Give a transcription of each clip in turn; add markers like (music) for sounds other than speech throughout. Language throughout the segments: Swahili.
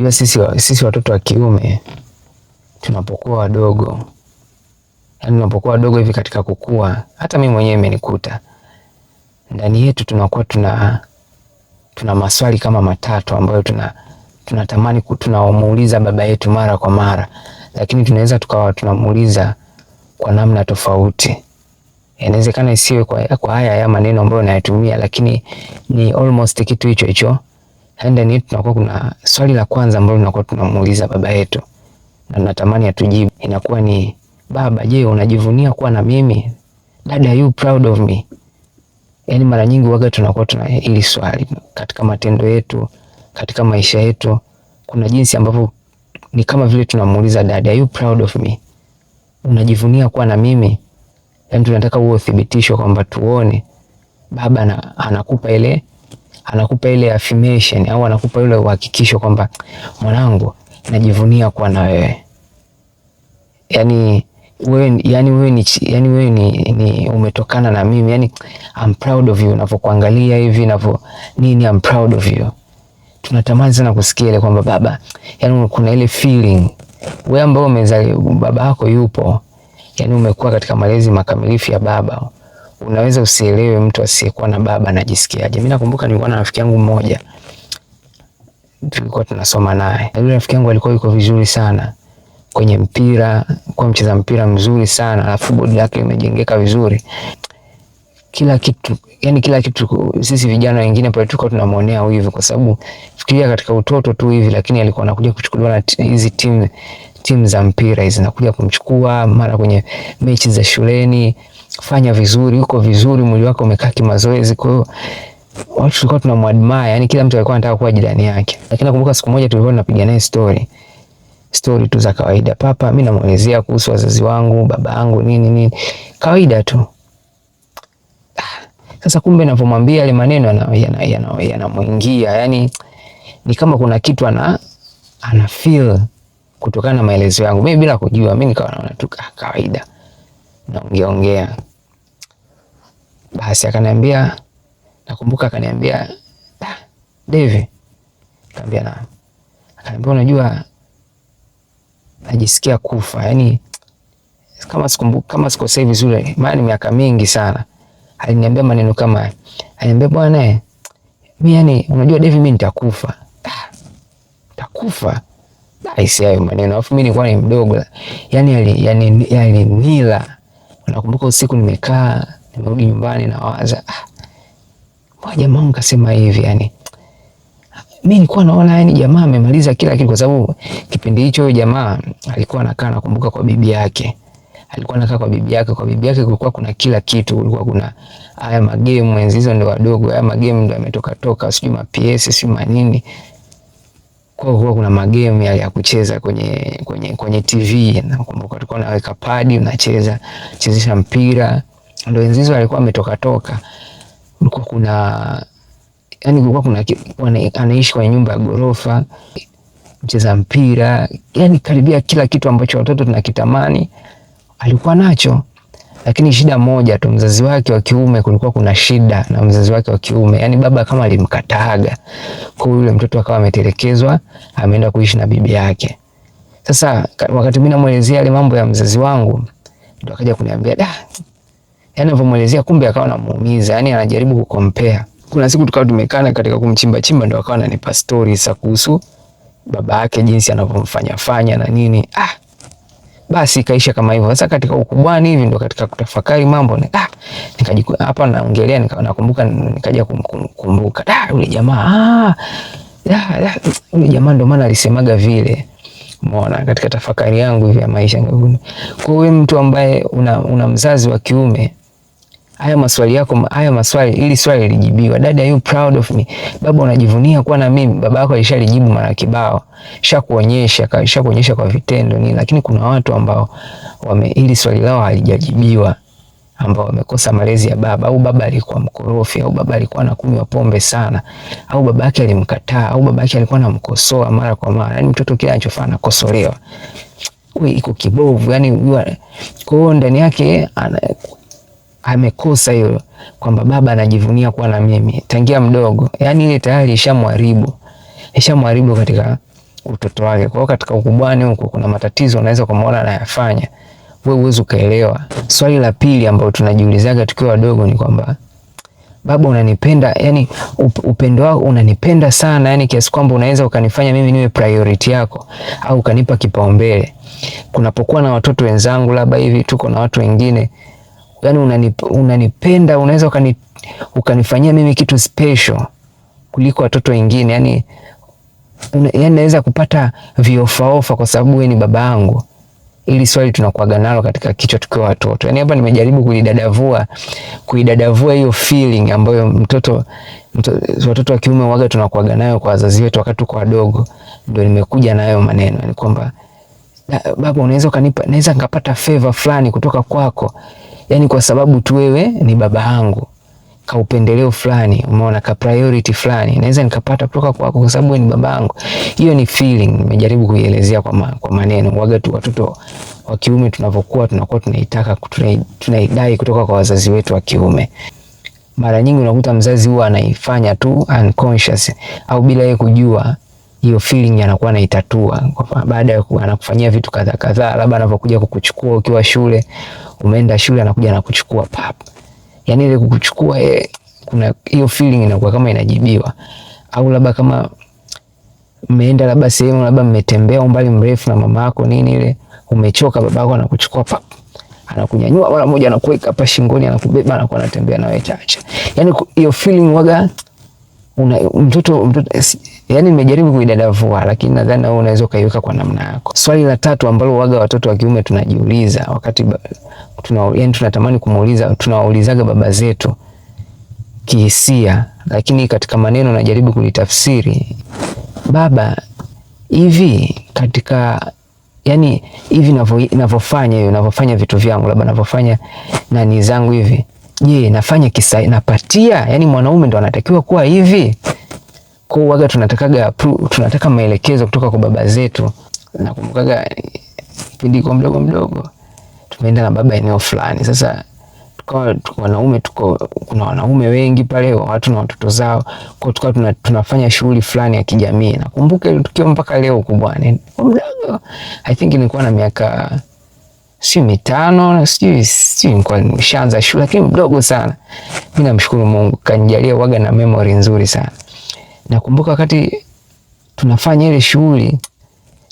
unajua sisi, sisi watoto wa kiume tunapokuwa wadogo, yani tunapokuwa wadogo hivi katika kukua, hata mimi mwenyewe imenikuta ndani yetu tunakuwa tuna tuna maswali kama matatu ambayo tuna tunatamani tunamuuliza baba yetu mara kwa mara, lakini tunaweza tukawa tunamuuliza kwa namna tofauti. Inawezekana isiwe kwa, kwa haya ya maneno ambayo nayatumia, lakini ni almost kitu hicho hicho Yaani ndani yetu tunakuwa kuna swali la kwanza ambalo tunakuwa tunamuuliza baba yetu na natamani atujibu, inakuwa ni baba, je, unajivunia kuwa na mimi? Dada, you proud of me? Yaani mara nyingi waga tunakuwa tuna hili swali katika matendo yetu, katika maisha yetu, kuna jinsi ambavyo ni kama vile tunamuuliza dada, are you proud of me? Unajivunia kuwa na mimi? Yaani tunataka huo uthibitisho kwamba tuone baba na, anakupa ile anakupa ile affirmation au anakupa ile uhakikisho kwamba mwanangu, najivunia kuwa na wewe. Yani wewe yani wewe ni yani yaani wewe ni, ni umetokana na mimi yani, I'm proud of you. Navyokuangalia hivi navyo nini, I'm proud of you. Tunatamani sana kusikia ile kwamba baba, yani kuna ile feeling wewe ambao umezaliwa baba yako yupo, yani umekuwa katika malezi makamilifu ya baba unaweza usielewe mtu asiyekuwa na baba anajisikiaje. Mimi nakumbuka nilikuwa na rafiki yangu mmoja, tulikuwa tunasoma naye. Yule rafiki yangu alikuwa yuko vizuri sana kwenye mpira, kwa mcheza mpira mzuri sana, alafu bodi yake imejengeka vizuri, kila kitu yani kila kitu. Sisi vijana wengine pale tulikuwa tunamwonea hivi, kwa sababu fikiria, katika utoto tu hivi, lakini alikuwa anakuja kuchukuliwa na hizi timu timu za mpira hizi, nakuja kumchukua mara kwenye mechi za shuleni fanya vizuri, uko vizuri, mwili wako umekaa kimazoezi. Kwa hiyo watu tulikuwa tunamwadmire, yani kila mtu alikuwa anataka kuwa jirani yake. Lakini nakumbuka siku moja tulikuwa tunapiga naye story stori tu za kawaida, papa, mi namwelezea kuhusu wazazi wangu, baba yangu, nini nini, kawaida tu. Ah, sasa kumbe navyomwambia yale maneno yanamwingia, yani ni kama kuna kitu ana ana feel kutokana na maelezo yangu, mimi bila kujua, mi nikawa naona tu kawaida naongeaongea. Basi akaniambia, nakumbuka akaniambia, ah, Devi, kaambia na akaniambia, unajua najisikia kufa, yani kama sikumbuka, kama sikosei vizuri, maana ni miaka mingi sana. Aliniambia maneno kama haya, aliniambia bwana, mimi yani, unajua Devi, mimi nitakufa, ah, nitakufa. Aisi hayo maneno, alafu mimi nilikuwa ni mdogo, yani yani yani, nila yani, Nakumbuka usiku nimekaa, nimerudi nyumbani na waza ah, jamaa kasema hivi yani mi nilikuwa naona yani jamaa amemaliza kila kitu, kwa sababu kipindi hicho huyo jamaa alikuwa anakaa, nakumbuka, kwa bibi yake. Alikuwa anakaa kwa bibi yake, kwa bibi yake kulikuwa kuna kila kitu, kulikuwa kuna haya magemu, enzi hizo ndio wadogo, haya magemu ndio ametoka toka, sijui ma PS sijui manini kwao huwa kuna magemu ya, ya kucheza kwenye, kwenye, kwenye TV. Nakumbuka tulikuwa naweka padi unacheza chezesha mpira, ndio wenzizo alikuwa ametoka toka, kulikuwa kuna yani, kulikuwa kuna anaishi kwenye nyumba ya ghorofa, mcheza mpira, yani karibia kila kitu ambacho watoto tunakitamani alikuwa nacho. Lakini shida moja tu, mzazi wake wa kiume kulikuwa kuna shida na mzazi wake wa kiume, yani baba kama alimkataaga. Kwa hiyo yule mtoto akawa ametelekezwa, ameenda kuishi na bibi yake. Sasa wakati mimi namuelezea yale mambo ya mzazi wangu, ndio akaja kuniambia da, yani nilipomuelezea, kumbe akawa namuumiza, yani anajaribu kukompea. Kuna siku tukawa tumekana katika kumchimba chimba, ndio akawa ananipa stories za kuhusu baba yake, jinsi anavyomfanya fanya na nini ah basi ikaisha kama hivyo. Sasa katika ukubwani hivi ndo katika kutafakari mambo ni ah, nikajikuta hapa naongelea, nakumbuka nikaja kumkumbuka da ah, yule jamaa ah, yule jamaa ndio maana alisemaga vile. Umeona, katika tafakari yangu hivi ya maisha. Kwa hiyo mtu ambaye una, una mzazi wa kiume haya maswali yako, haya maswali, ili swali lijibiwa. Dad, are you proud of me? Baba, unajivunia kuwa na mimi? Baba yako alishalijibu mara kibao, shakuonyesha shakuonyesha kwa vitendo nini, lakini kuna watu ambao wame ili swali lao halijajibiwa ambao wamekosa malezi ya baba, au baba alikuwa mkorofi, au baba alikuwa anakunywa pombe sana, au baba yake alimkataa, au baba yake alikuwa anamkosoa mara kwa mara. Yani mtoto kila anachofanya anakosolewa, wewe iko kibovu, yani kwa hiyo ndani yake amekosa hiyo, kwamba baba anajivunia kuwa na mimi tangia mdogo. Yani ile tayari ishamharibu, ishamharibu katika utoto wake. Kwa hiyo katika ukubwani huko kuna matatizo unaweza kumuona anayafanya, wewe uweze kuelewa. Swali la pili ambalo tunajiulizaga tukiwa wadogo ni kwamba baba unanipenda, yani upendo wako unanipenda sana, yani kiasi kwamba unaweza ukanifanya mimi niwe priority yako au ukanipa kipaumbele. Kunapokuwa na watoto wenzangu, labda hivi tuko na watu wengine yani unanip, unanipenda, unaweza ukani, ukanifanyia mimi kitu special kuliko watoto wengine yani, yani naweza kupata viofaofa kwa sababu wewe ni baba yangu. Ili swali tunakuaga nalo katika kichwa tukiwa watoto. Yani hapa nimejaribu kuidadavua kuidadavua hiyo feeling ambayo mtoto, mtoto watoto wa kiume waga tunakuaga nayo kwa wazazi wetu wakati tuko wadogo, ndio nimekuja nayo maneno ni yaani kwamba baba, unaweza kanipa, naweza nikapata favor fulani kutoka kwako yani kwa sababu tu wewe ni baba yangu, kaupendeleo fulani, umeona ka priority fulani naweza nikapata kutoka kwako kwa sababu ni baba yangu. Hiyo ni feeling, nimejaribu kuielezea kwa, ma, kwa maneno. Waga tu watoto wa kiume tunavyokuwa tunakuwa tunaitaka tunaidai kutoka kwa wazazi wetu wa kiume. Mara nyingi unakuta mzazi huwa anaifanya tu unconscious au bila yeye kujua hiyo feeling anakuwa anaitatua baada ya anakufanyia vitu kadha kadhaa, labda anapokuja kukuchukua ukiwa shule, umeenda shule, anakuja anakuchukua pap, yani ile kukuchukua ye, eh, kuna hiyo feeling inakuwa kama inajibiwa, au labda kama mmeenda labda sehemu labda mmetembea umbali mrefu na mama yako nini ile, umechoka, babako anakuchukua pap, anakunyanyua mara moja, anakuweka hapa shingoni, anakubeba, anakuwa anatembea nawe chacha, yani hiyo feeling waga una, mtoto, mtoto yani nimejaribu kuidadavua, lakini nadhani wewe unaweza ukaiweka kwa namna yako. Swali la tatu ambalo waga watoto wa kiume tunajiuliza wakati tuna, yani tunatamani kumuuliza, tunawaulizaga baba zetu kihisia, lakini katika maneno najaribu kulitafsiri baba hivi katika yani hivi navyofanya hiyo navyofanya vitu vyangu labda navyofanya nani zangu hivi Je, nafanya kisa napatia? yani mwanaume ndo anatakiwa kuwa hivi? Kwa hiyo waga tunatakaga tunataka maelekezo kutoka kwa baba zetu. Nakumbukaga kipindi kwa mdogo mdogo tumeenda na baba eneo fulani. Sasa tukawa wanaume tuko kuna wanaume wengi pale watu na watoto zao, kwa tukawa tuna, tunafanya shughuli fulani ya kijamii. Nakumbuka ile tukio mpaka leo kubwa. ni Mdogo I think nilikuwa na miaka si mitano na sijui sijui kwa nishaanza shule lakini mdogo sana. Mimi namshukuru Mungu kanijalia waga na memory nzuri sana. Nakumbuka wakati tunafanya ile shughuli,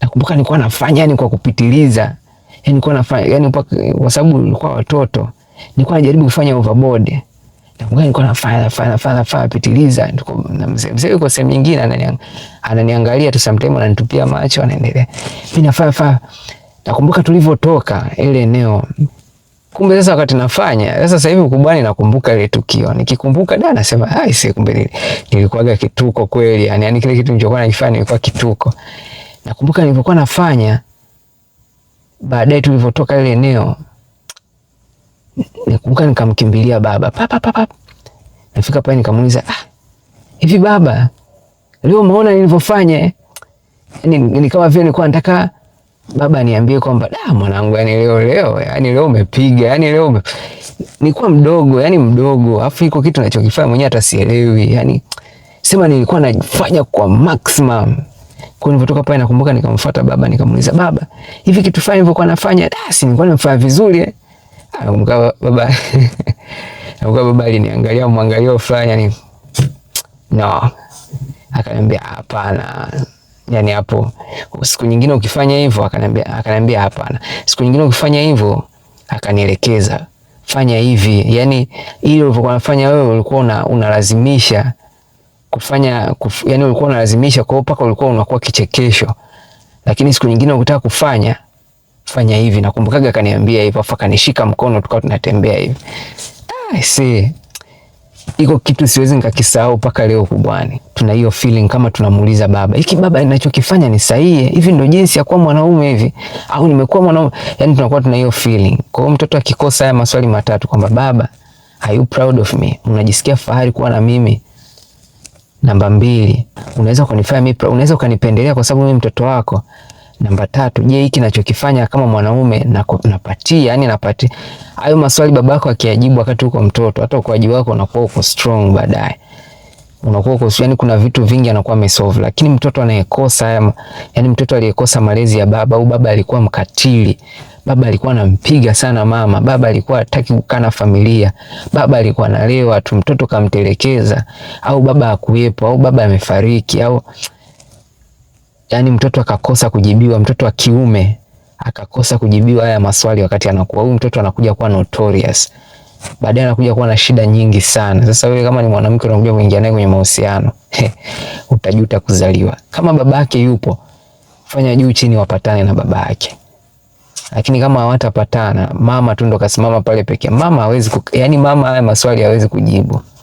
nakumbuka nilikuwa nafanya yani kwa kupitiliza, yani nilikuwa nafanya yani kwa sababu nilikuwa watoto, nilikuwa najaribu kufanya overboard. Nakumbuka nilikuwa nafanya nafanya nafanya nafanya pitiliza, nilikuwa na mzee mzee yuko sehemu nyingine ananiangalia tu, sometimes ananitupia macho, anaendelea mimi nafanya nafanya Nakumbuka tulivyotoka ile eneo. Kumbe sasa wakati nafanya, sasa sasa hivi ukubwani nakumbuka ile tukio. Nikikumbuka da nasema, "Ai, si kumbe nili, nilikuwaga kituko kweli." yani yani kile kitu nilichokuwa nakifanya nilikuwa kituko. Nakumbuka nilivyokuwa nafanya baadaye tulivyotoka ile eneo. Nikumbuka nikamkimbilia baba. papa papa Nafika pale nikamuuliza, "Ah, hivi baba, leo umeona nilivyofanya?" Ni, nikawa vile nilikuwa nataka baba niambie kwamba da mwanangu, yani leo leo, yani leo umepiga, yani leo ume... nilikuwa mdogo, yani mdogo, afu iko kitu nachokifanya mwenyewe hata sielewi, yani sema nilikuwa nafanya kwa maximum. Kwa nilipotoka pale, nakumbuka nikamfuata baba, nikamuuliza baba, hivi kitu fulani nilikuwa nafanya da, si nilikuwa nimefanya vizuri eh? Nakumbuka baba nakumbuka (laughs) baba aliniangalia mwangalio fulani, yani no, akaniambia hapana yani hapo. Siku nyingine ukifanya hivyo, akaniambia akaniambia hapana. Siku nyingine ukifanya hivyo, akanielekeza fanya hivi, yani ili ulivyokuwa unafanya wewe ulikuwa unalazimisha kufanya kuf, yani ulikuwa unalazimisha kwa mpaka ulikuwa unakuwa kichekesho, lakini siku nyingine ukitaka kufanya fanya hivi. Nakumbukaga akaniambia hivyo, afa kanishika mkono, tukawa tunatembea hivi. Ah, see iko kitu siwezi nikakisahau mpaka leo kubwani. Tuna hiyo feeling kama tunamuuliza baba, hiki baba ninachokifanya ni sahihi? Hivi ndio jinsi ya kuwa mwanaume hivi, au nimekuwa mwanaume? Yani tunakuwa tuna hiyo feeling. Kwa hiyo mtoto akikosa haya maswali matatu kwamba baba, are you proud of me, unajisikia fahari kuwa na mimi? Namba mbili, unaweza kunifanya mimi, unaweza ukanipendelea kwa sababu mimi mtoto wako. Namba tatu, je, hiki nachokifanya kama mwanaume na napatia, yani napati hayo maswali babako akiyajibu wakati uko mtoto, hata ukuaji wako unakuwa uko strong baadaye unakuwa uko yani, kuna vitu vingi anakuwa amesolve, lakini mtoto anayekosa, haya, yani mtoto aliyekosa malezi ya baba au baba alikuwa mkatili, baba alikuwa anampiga sana mama, baba alikuwa hataki kukaa na familia, baba alikuwa analewa tu, mtoto kamtelekeza, au baba hakuwepo, au baba amefariki, au yaani mtoto akakosa kujibiwa, mtoto wa kiume akakosa kujibiwa haya maswali wakati anakuwa, huyu mtoto anakuja kuwa notorious, baadaye anakuja kuwa na shida nyingi sana. Sasa wewe kama ni mwanamke unakuja kuingia naye kwenye mahusiano (laughs) utajuta kuzaliwa. Kama babake yupo, fanya juu chini wapatane na babake, lakini kama hawatapatana, mama tu ndo kasimama pale pekee. Mama hawezi, yani mama haya maswali hawezi kujibu.